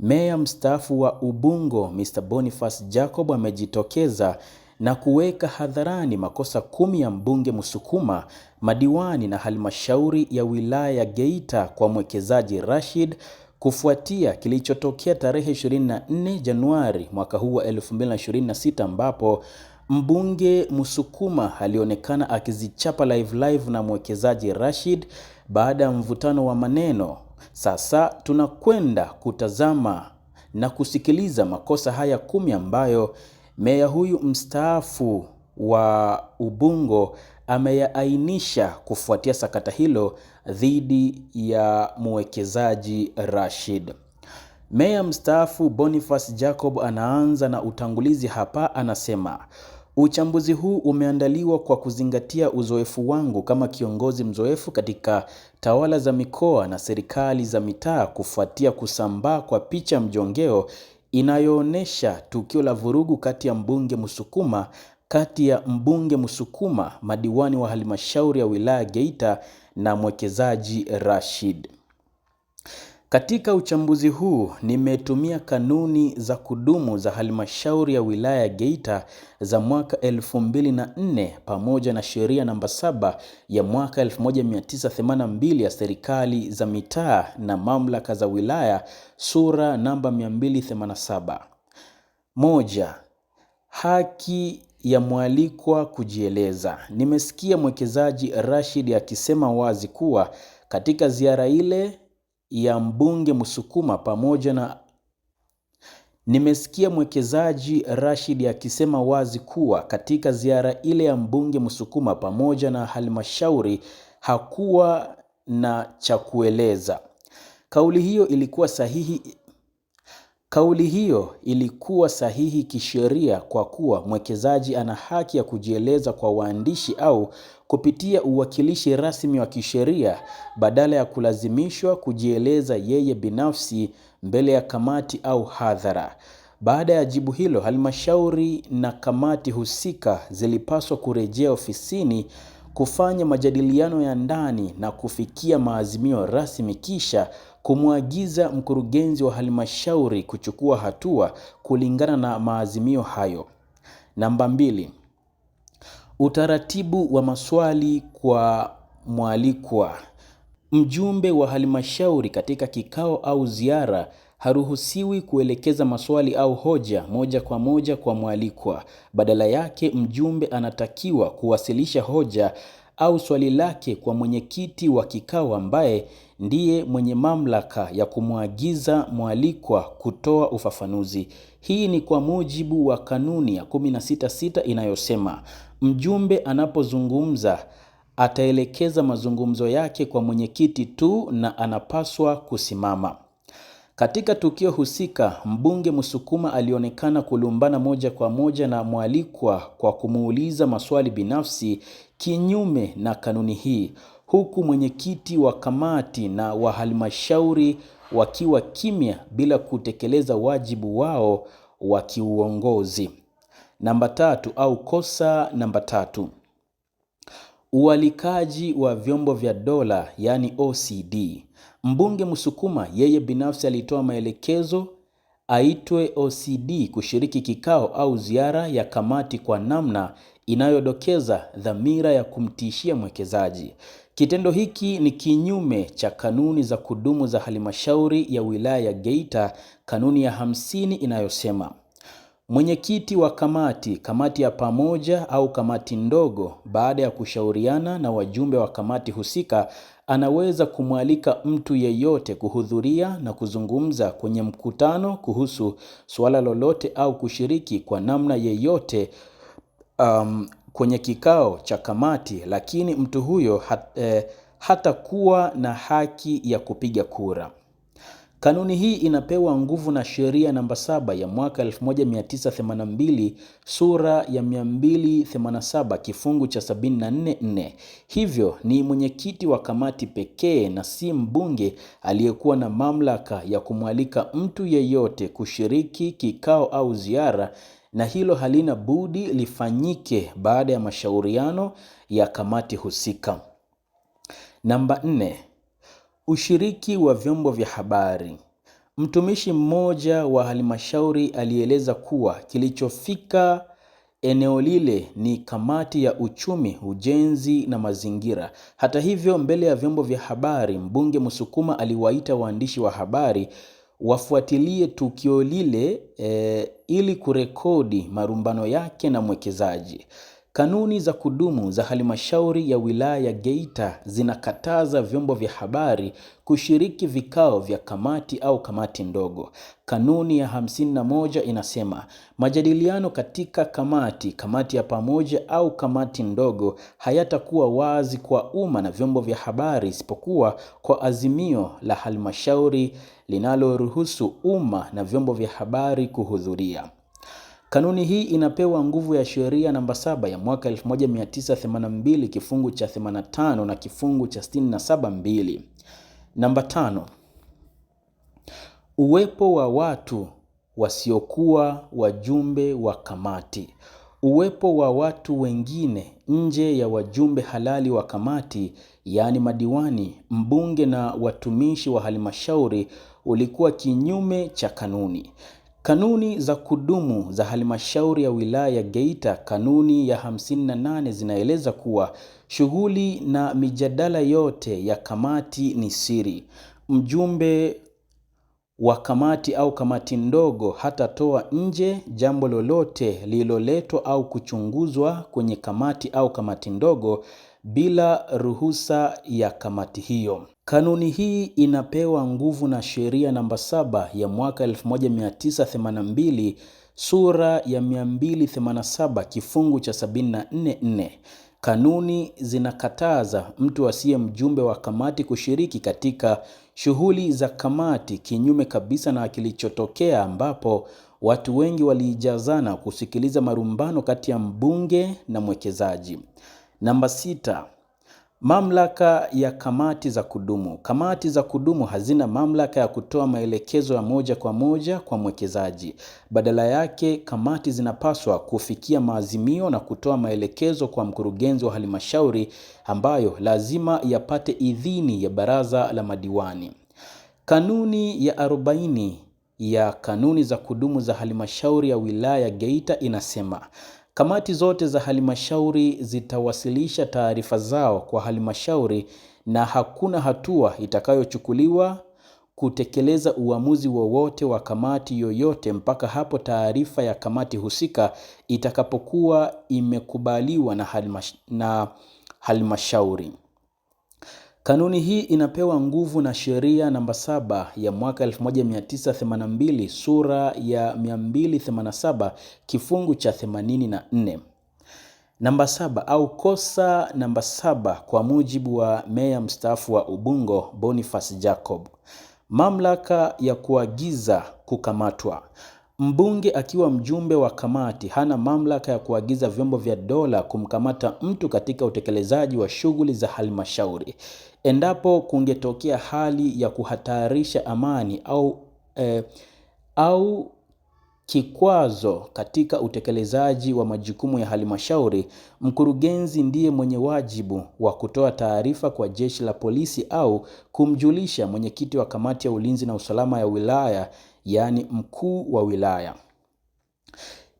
Meya mstaafu wa Ubungo Mr. Boniface Jacob amejitokeza na kuweka hadharani makosa kumi ya mbunge Musukuma, madiwani na halmashauri ya wilaya ya Geita kwa mwekezaji Rashid kufuatia kilichotokea tarehe 24 Januari mwaka huu wa 2026 ambapo mbunge Musukuma alionekana akizichapa live live na mwekezaji Rashid baada ya mvutano wa maneno. Sasa tunakwenda kutazama na kusikiliza makosa haya kumi ambayo meya huyu mstaafu wa Ubungo ameyaainisha kufuatia sakata hilo dhidi ya mwekezaji Rashid. Meya mstaafu Boniface Jacob anaanza na utangulizi hapa, anasema Uchambuzi huu umeandaliwa kwa kuzingatia uzoefu wangu kama kiongozi mzoefu katika tawala za mikoa na serikali za mitaa kufuatia kusambaa kwa picha mjongeo inayoonyesha tukio la vurugu kati ya mbunge Musukuma kati ya mbunge Musukuma, madiwani wa halmashauri ya wilaya Geita na mwekezaji Rashid. Katika uchambuzi huu nimetumia kanuni za kudumu za halmashauri ya wilaya ya Geita za mwaka 2004 pamoja na sheria namba saba ya mwaka 1982 ya serikali za mitaa na mamlaka za wilaya sura namba 287. Moja, haki ya mwalikwa kujieleza. Nimesikia mwekezaji Rashid akisema wazi kuwa katika ziara ile ya mbunge Msukuma pamoja na Nimesikia mwekezaji Rashid akisema wazi kuwa katika ziara ile ya mbunge Msukuma pamoja na halmashauri hakuwa na cha kueleza. Kauli hiyo ilikuwa sahihi Kauli hiyo ilikuwa sahihi kisheria kwa kuwa mwekezaji ana haki ya kujieleza kwa waandishi au kupitia uwakilishi rasmi wa kisheria badala ya kulazimishwa kujieleza yeye binafsi mbele ya kamati au hadhara. Baada ya jibu hilo, halmashauri na kamati husika zilipaswa kurejea ofisini kufanya majadiliano ya ndani na kufikia maazimio rasmi kisha kumwagiza mkurugenzi wa halmashauri kuchukua hatua kulingana na maazimio hayo. Namba mbili, utaratibu wa maswali kwa mwalikwa. Mjumbe wa halmashauri katika kikao au ziara haruhusiwi kuelekeza maswali au hoja moja kwa moja kwa mwalikwa. Badala yake, mjumbe anatakiwa kuwasilisha hoja au swali lake kwa mwenyekiti wa kikao ambaye ndiye mwenye mamlaka ya kumwagiza mwalikwa kutoa ufafanuzi. Hii ni kwa mujibu wa kanuni ya 166 inayosema mjumbe anapozungumza ataelekeza mazungumzo yake kwa mwenyekiti tu na anapaswa kusimama. Katika tukio husika, mbunge msukuma alionekana kulumbana moja kwa moja na mwalikwa kwa kumuuliza maswali binafsi kinyume na kanuni hii huku mwenyekiti wa kamati na wa halmashauri wakiwa kimya bila kutekeleza wajibu wao wa kiuongozi. Namba tatu au kosa namba tatu, ualikaji wa vyombo vya dola yaani OCD. Mbunge Msukuma yeye binafsi alitoa maelekezo aitwe OCD kushiriki kikao au ziara ya kamati kwa namna inayodokeza dhamira ya kumtishia mwekezaji. Kitendo hiki ni kinyume cha kanuni za kudumu za halmashauri ya wilaya ya Geita, kanuni ya hamsini inayosema Mwenyekiti wa kamati, kamati ya pamoja au kamati ndogo, baada ya kushauriana na wajumbe wa kamati husika, anaweza kumwalika mtu yeyote kuhudhuria na kuzungumza kwenye mkutano kuhusu suala lolote au kushiriki kwa namna yeyote um, kwenye kikao cha kamati, lakini mtu huyo hat, eh, hatakuwa na haki ya kupiga kura. Kanuni hii inapewa nguvu na sheria namba saba ya mwaka 1982 sura ya 287 kifungu cha 744. Hivyo ni mwenyekiti wa kamati pekee na si mbunge aliyekuwa na mamlaka ya kumwalika mtu yeyote kushiriki kikao au ziara na hilo halina budi lifanyike baada ya mashauriano ya kamati husika. Namba nne, Ushiriki wa vyombo vya habari. Mtumishi mmoja wa halmashauri alieleza kuwa kilichofika eneo lile ni kamati ya uchumi, ujenzi na mazingira. Hata hivyo, mbele ya vyombo vya habari, mbunge Musukuma aliwaita waandishi wa habari wafuatilie tukio lile, e, ili kurekodi marumbano yake na mwekezaji. Kanuni za kudumu za halmashauri ya wilaya ya Geita zinakataza vyombo vya habari kushiriki vikao vya kamati au kamati ndogo. Kanuni ya 51 inasema majadiliano katika kamati, kamati ya pamoja au kamati ndogo hayatakuwa wazi kwa umma na vyombo vya habari isipokuwa kwa azimio la halmashauri linaloruhusu umma na vyombo vya habari kuhudhuria. Kanuni hii inapewa nguvu ya sheria namba 7 ya mwaka 1982 kifungu cha 85 na kifungu cha 67 mbili. Namba 5 uwepo wa watu wasiokuwa wajumbe wa kamati. Uwepo wa watu wengine nje ya wajumbe halali wa kamati, yaani madiwani, mbunge na watumishi wa halmashauri ulikuwa kinyume cha kanuni. Kanuni za kudumu za halmashauri ya wilaya ya Geita, kanuni ya 58 zinaeleza kuwa shughuli na mijadala yote ya kamati ni siri. Mjumbe wa kamati au kamati ndogo hatatoa nje jambo lolote lililoletwa au kuchunguzwa kwenye kamati au kamati ndogo bila ruhusa ya kamati hiyo. Kanuni hii inapewa nguvu na sheria namba 7 ya mwaka 1982 sura ya 287 kifungu cha 744. Kanuni zinakataza mtu asiye mjumbe wa kamati kushiriki katika shughuli za kamati, kinyume kabisa na kilichotokea ambapo watu wengi walijazana kusikiliza marumbano kati ya mbunge na mwekezaji. Namba sita, mamlaka ya kamati za kudumu. Kamati za kudumu hazina mamlaka ya kutoa maelekezo ya moja kwa moja kwa mwekezaji. Badala yake, kamati zinapaswa kufikia maazimio na kutoa maelekezo kwa mkurugenzi wa halmashauri ambayo lazima yapate idhini ya baraza la madiwani. Kanuni ya arobaini ya kanuni za kudumu za halmashauri ya wilaya Geita inasema Kamati zote za halmashauri zitawasilisha taarifa zao kwa halmashauri na hakuna hatua itakayochukuliwa kutekeleza uamuzi wowote wa kamati yoyote mpaka hapo taarifa ya kamati husika itakapokuwa imekubaliwa na halmashauri. Kanuni hii inapewa nguvu na sheria namba saba ya mwaka 1982 sura ya 287 kifungu cha 84 namba saba au kosa namba saba. Kwa mujibu wa meya mstaafu wa Ubungo Boniface Jacob, mamlaka ya kuagiza kukamatwa Mbunge akiwa mjumbe wa kamati hana mamlaka ya kuagiza vyombo vya dola kumkamata mtu katika utekelezaji wa shughuli za halmashauri. Endapo kungetokea hali ya kuhatarisha amani au, eh, au kikwazo katika utekelezaji wa majukumu ya halmashauri, mkurugenzi ndiye mwenye wajibu wa kutoa taarifa kwa jeshi la polisi au kumjulisha mwenyekiti wa kamati ya ulinzi na usalama ya wilaya yaani mkuu wa wilaya.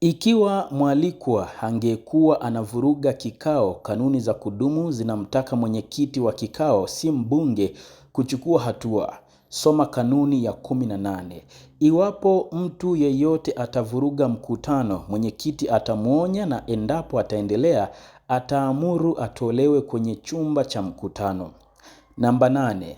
Ikiwa mwalikwa angekuwa anavuruga kikao, kanuni za kudumu zinamtaka mwenyekiti wa kikao, si mbunge, kuchukua hatua. Soma kanuni ya kumi na nane. Iwapo mtu yeyote atavuruga mkutano, mwenyekiti atamwonya na endapo ataendelea, ataamuru atolewe kwenye chumba cha mkutano. Namba nane.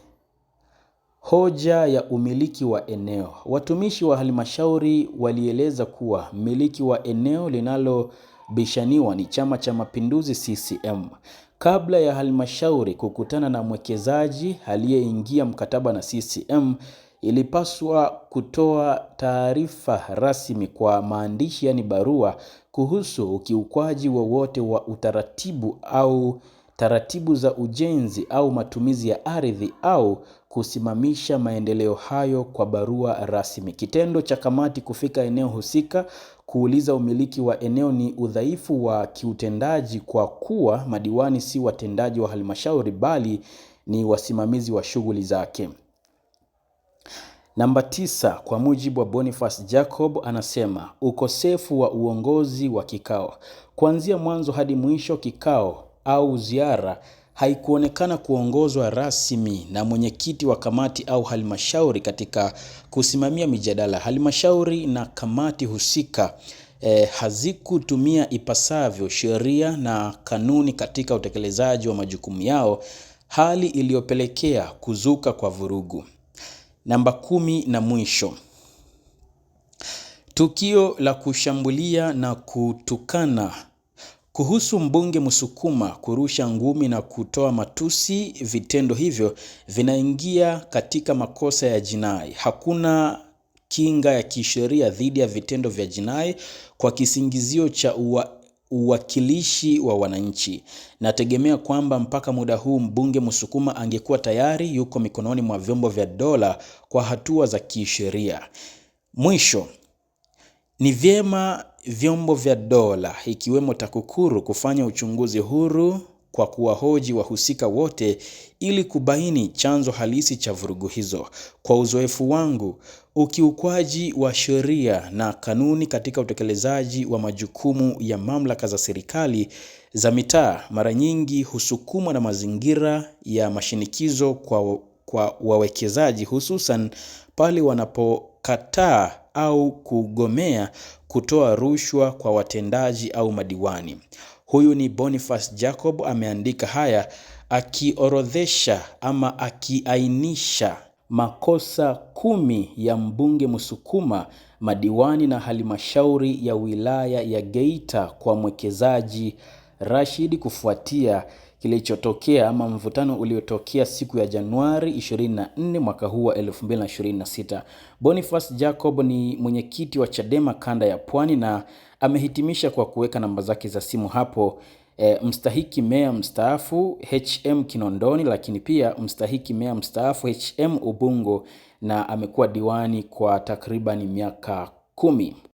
Hoja ya umiliki wa eneo. Watumishi wa halmashauri walieleza kuwa mmiliki wa eneo linalobishaniwa ni Chama cha Mapinduzi CCM. Kabla ya halmashauri kukutana na mwekezaji aliyeingia mkataba na CCM, ilipaswa kutoa taarifa rasmi kwa maandishi, yaani barua, kuhusu ukiukwaji wowote wa, wa utaratibu au taratibu za ujenzi au matumizi ya ardhi au kusimamisha maendeleo hayo kwa barua rasmi. Kitendo cha kamati kufika eneo husika kuuliza umiliki wa eneo ni udhaifu wa kiutendaji kwa kuwa madiwani si watendaji wa halmashauri bali ni wasimamizi wa shughuli zake. Namba tisa, kwa mujibu wa Boniface Jacob anasema ukosefu wa uongozi wa kikao. Kuanzia mwanzo hadi mwisho, kikao au ziara haikuonekana kuongozwa rasmi na mwenyekiti wa kamati au halmashauri katika kusimamia mijadala. Halmashauri na kamati husika eh, hazikutumia ipasavyo sheria na kanuni katika utekelezaji wa majukumu yao, hali iliyopelekea kuzuka kwa vurugu. Namba kumi na mwisho, tukio la kushambulia na kutukana kuhusu mbunge Msukuma kurusha ngumi na kutoa matusi, vitendo hivyo vinaingia katika makosa ya jinai. Hakuna kinga ya kisheria dhidi ya vitendo vya jinai kwa kisingizio cha uwa uwakilishi wa wananchi. Nategemea kwamba mpaka muda huu mbunge Musukuma angekuwa tayari yuko mikononi mwa vyombo vya dola kwa hatua za kisheria. Mwisho, ni vyema vyombo vya dola ikiwemo TAKUKURU kufanya uchunguzi huru kwa kuwahoji wahusika wote ili kubaini chanzo halisi cha vurugu hizo. Kwa uzoefu wangu, ukiukwaji wa sheria na kanuni katika utekelezaji wa majukumu ya mamlaka za serikali za mitaa mara nyingi husukumwa na mazingira ya mashinikizo kwa, kwa wawekezaji hususan pale wanapo kukataa au kugomea kutoa rushwa kwa watendaji au madiwani. Huyu ni Boniface Jacob ameandika haya akiorodhesha ama akiainisha makosa kumi ya mbunge Msukuma, madiwani na halmashauri ya wilaya ya Geita kwa mwekezaji Rashid kufuatia kilichotokea ama mvutano uliotokea siku ya Januari 24 mwaka huu wa 2026. Boniface Jacob ni mwenyekiti wa Chadema kanda ya Pwani na amehitimisha kwa kuweka namba zake za simu hapo. E, mstahiki meya mstaafu HM Kinondoni, lakini pia mstahiki meya mstaafu HM Ubungo, na amekuwa diwani kwa takriban miaka kumi.